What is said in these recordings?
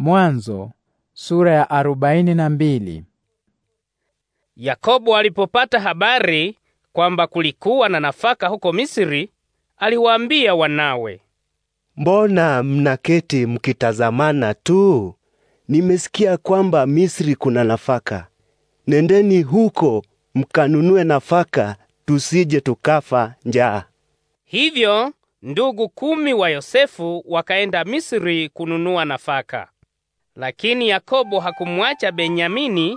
Mwanzo sura ya arobaini na mbili. Yakobo alipopata habari kwamba kulikuwa na nafaka huko Misri, aliwaambia wanawe, mbona mnaketi mkitazamana tu? Nimesikia kwamba Misri kuna nafaka. Nendeni huko mkanunue nafaka, tusije tukafa njaa. Hivyo ndugu kumi wa Yosefu wakaenda Misri kununua nafaka. Lakini Yakobo hakumwacha Benyamini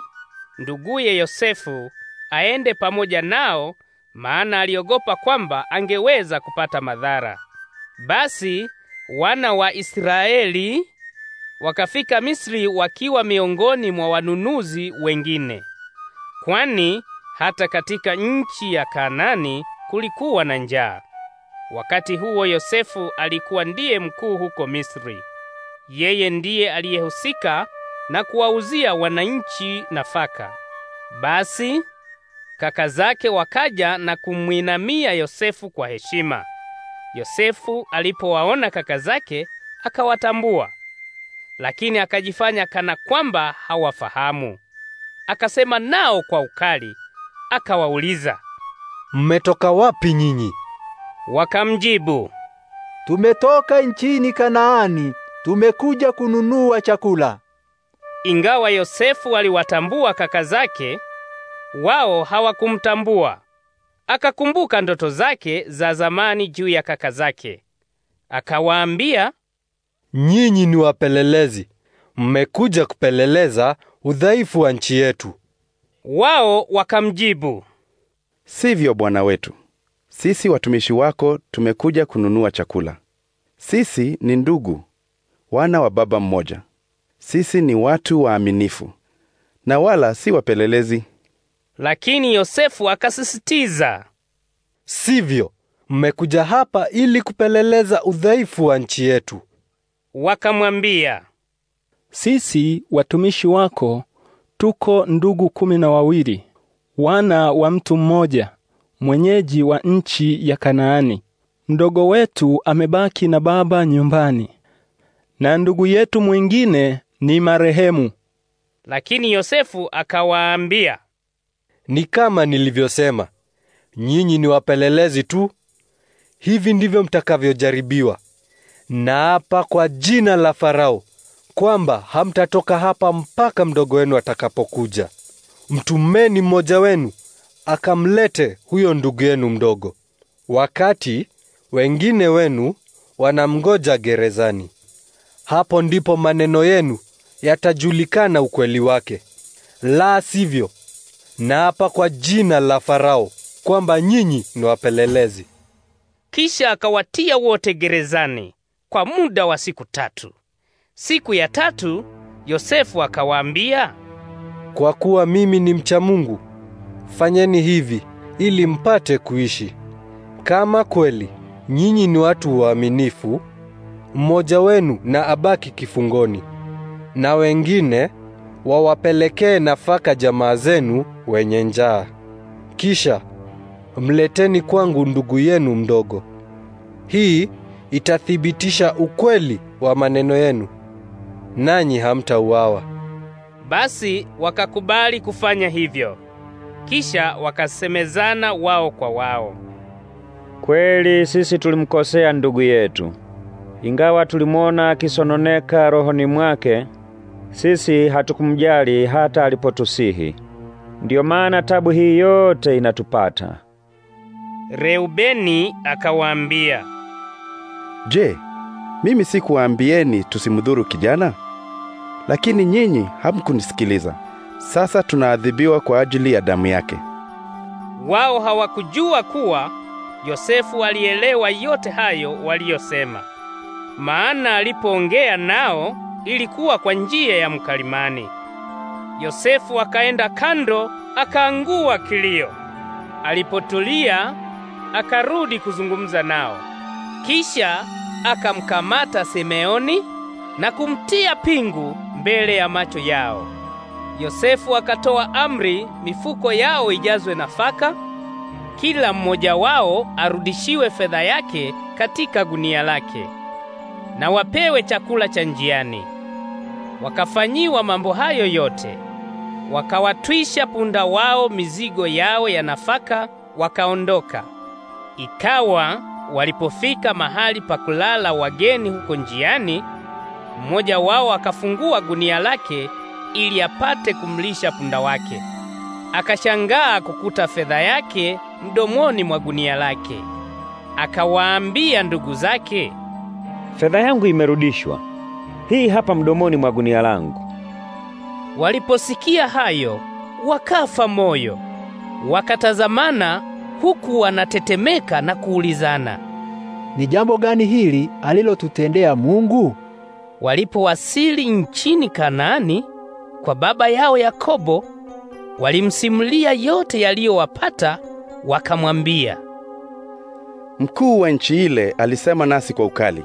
nduguye Yosefu aende pamoja nao, maana aliogopa kwamba angeweza kupata madhara. Basi wana wa Israeli wakafika Misri wakiwa miongoni mwa wanunuzi wengine, kwani hata katika nchi ya Kanani kulikuwa na njaa. Wakati huo Yosefu alikuwa ndiye mkuu huko Misri. Yeye ndiye aliyehusika na kuwauzia wananchi nafaka. Basi kaka zake wakaja na kumwinamia Yosefu kwa heshima. Yosefu alipowaona kaka zake akawatambua, lakini akajifanya kana kwamba hawafahamu. Akasema nao kwa ukali, akawauliza, mmetoka wapi nyinyi? Wakamjibu, tumetoka nchini Kanaani tumekuja kununua chakula. Ingawa Yosefu aliwatambua kaka zake, wao hawakumtambua. Akakumbuka ndoto zake za zamani juu ya kaka zake, akawaambia, nyinyi ni wapelelezi, mmekuja kupeleleza udhaifu wa nchi yetu. Wao wakamjibu, sivyo bwana wetu, sisi watumishi wako tumekuja kununua chakula, sisi ni ndugu wana wa baba mmoja. Sisi ni watu waaminifu na wala si wapelelezi. Lakini Yosefu akasisitiza, sivyo, mmekuja hapa ili kupeleleza udhaifu wa nchi yetu. Wakamwambia, sisi watumishi wako tuko ndugu kumi na wawili, wana wa mtu mmoja, mwenyeji wa nchi ya Kanaani. Mdogo wetu amebaki na baba nyumbani, na ndugu yetu mwingine ni marehemu. Lakini Yosefu akawaambia, ni kama nilivyosema, nyinyi ni wapelelezi tu. Hivi ndivyo mtakavyojaribiwa. Naapa kwa jina la Farao kwamba hamtatoka hapa mpaka mdogo wenu atakapokuja. Mtumeni mmoja wenu akamlete huyo ndugu yenu mdogo, wakati wengine wenu wanamgoja gerezani hapo ndipo maneno yenu yatajulikana ukweli wake. La sivyo, naapa kwa jina la Farao kwamba nyinyi ni wapelelezi. Kisha akawatia wote gerezani kwa muda wa siku tatu. Siku ya tatu Yosefu akawaambia, kwa kuwa mimi ni mcha Mungu, fanyeni hivi ili mpate kuishi. Kama kweli nyinyi ni watu waaminifu mmoja wenu na abaki kifungoni, na wengine wawapelekee nafaka jamaa zenu wenye njaa. Kisha mleteni kwangu ndugu yenu mdogo. Hii itathibitisha ukweli wa maneno yenu, nanyi hamtauawa. Basi wakakubali kufanya hivyo. Kisha wakasemezana wao kwa wao, kweli sisi tulimkosea ndugu yetu. Ingawa tulimwona akisononeka rohoni mwake, sisi hatukumjali hata alipotusihi. Ndiyo maana tabu hii yote inatupata. Reubeni akawaambia, Je, mimi sikuwaambieni tusimdhuru kijana? Lakini nyinyi hamkunisikiliza. Sasa tunaadhibiwa kwa ajili ya damu yake. Wao hawakujua kuwa Yosefu alielewa yote hayo waliyosema maana alipoongea nao ilikuwa kwa njia ya mkalimani. Yosefu akaenda kando, akaangua kilio. Alipotulia akarudi kuzungumza nao, kisha akamkamata Simeoni na kumtia pingu mbele ya macho yao. Yosefu akatoa amri mifuko yao ijazwe nafaka, kila mmoja wao arudishiwe fedha yake katika gunia lake na wapewe chakula cha njiani. Wakafanyiwa mambo hayo yote, wakawatwisha punda wao mizigo yao ya nafaka, wakaondoka. Ikawa walipofika mahali pa kulala wageni huko njiani, mmoja wao akafungua gunia lake ili apate kumlisha punda wake. Akashangaa kukuta fedha yake mdomoni mwa gunia lake. Akawaambia ndugu zake, Fedha yangu imerudishwa. Hii hapa mdomoni mwa gunia langu. Waliposikia hayo, wakafa moyo. Wakatazamana huku wanatetemeka na kuulizana, ni jambo gani hili alilotutendea Mungu? Walipowasili nchini Kanaani kwa baba yao Yakobo, walimsimulia yote yaliyowapata, wakamwambia, mkuu wa nchi ile alisema nasi kwa ukali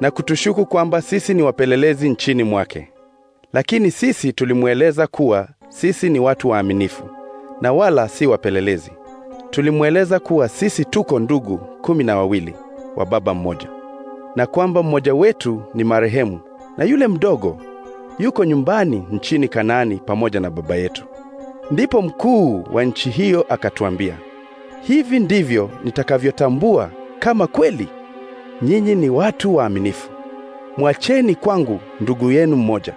na kutushuku kwamba sisi ni wapelelezi nchini mwake. Lakini sisi tulimweleza kuwa sisi ni watu waaminifu na wala si wapelelezi. Tulimweleza kuwa sisi tuko ndugu kumi na wawili wa baba mmoja, na kwamba mmoja wetu ni marehemu na yule mdogo yuko nyumbani nchini Kanaani pamoja na baba yetu. Ndipo mkuu wa nchi hiyo akatuambia, hivi ndivyo nitakavyotambua kama kweli nyinyi ni watu waaminifu. Mwacheni kwangu ndugu yenu mmoja,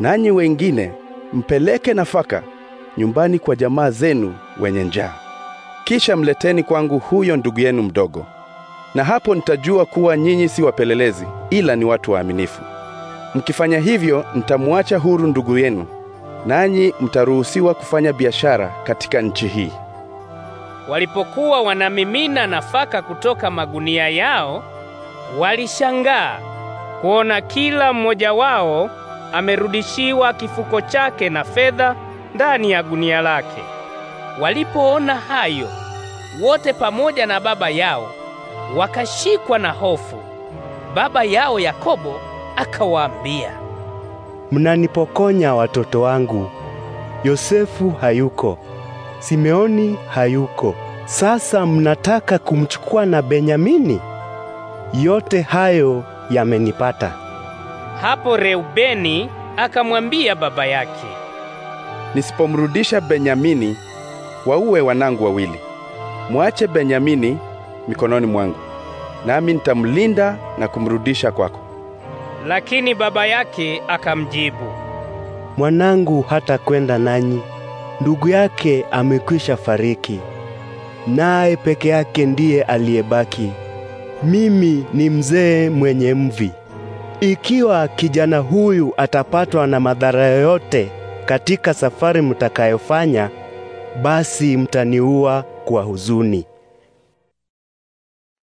nanyi wengine mpeleke nafaka nyumbani kwa jamaa zenu wenye njaa. Kisha mleteni kwangu huyo ndugu yenu mdogo, na hapo nitajua kuwa nyinyi si wapelelezi, ila ni watu waaminifu. Mkifanya hivyo, nitamwacha huru ndugu yenu, nanyi mtaruhusiwa kufanya biashara katika nchi hii. Walipokuwa wanamimina nafaka kutoka magunia yao, walishangaa kuona kila mmoja wao amerudishiwa kifuko chake na fedha ndani ya gunia lake. Walipoona hayo, wote pamoja na baba yao wakashikwa na hofu. Baba yao Yakobo akawaambia, mnanipokonya watoto wangu. Yosefu hayuko Simeoni hayuko. Sasa mnataka kumchukua na Benyamini? Yote hayo yamenipata. Hapo Reubeni akamwambia baba yake, nisipomrudisha Benyamini, wauwe wanangu wawili. Mwache Benyamini mikononi mwangu, nami nitamlinda na kumrudisha kwako. Lakini baba yake akamjibu, mwanangu hata kwenda nanyi ndugu yake amekwisha fariki, naye peke yake ndiye aliyebaki. Mimi ni mzee mwenye mvi. Ikiwa kijana huyu atapatwa na madhara yoyote katika safari mtakayofanya, basi mtaniua kwa huzuni.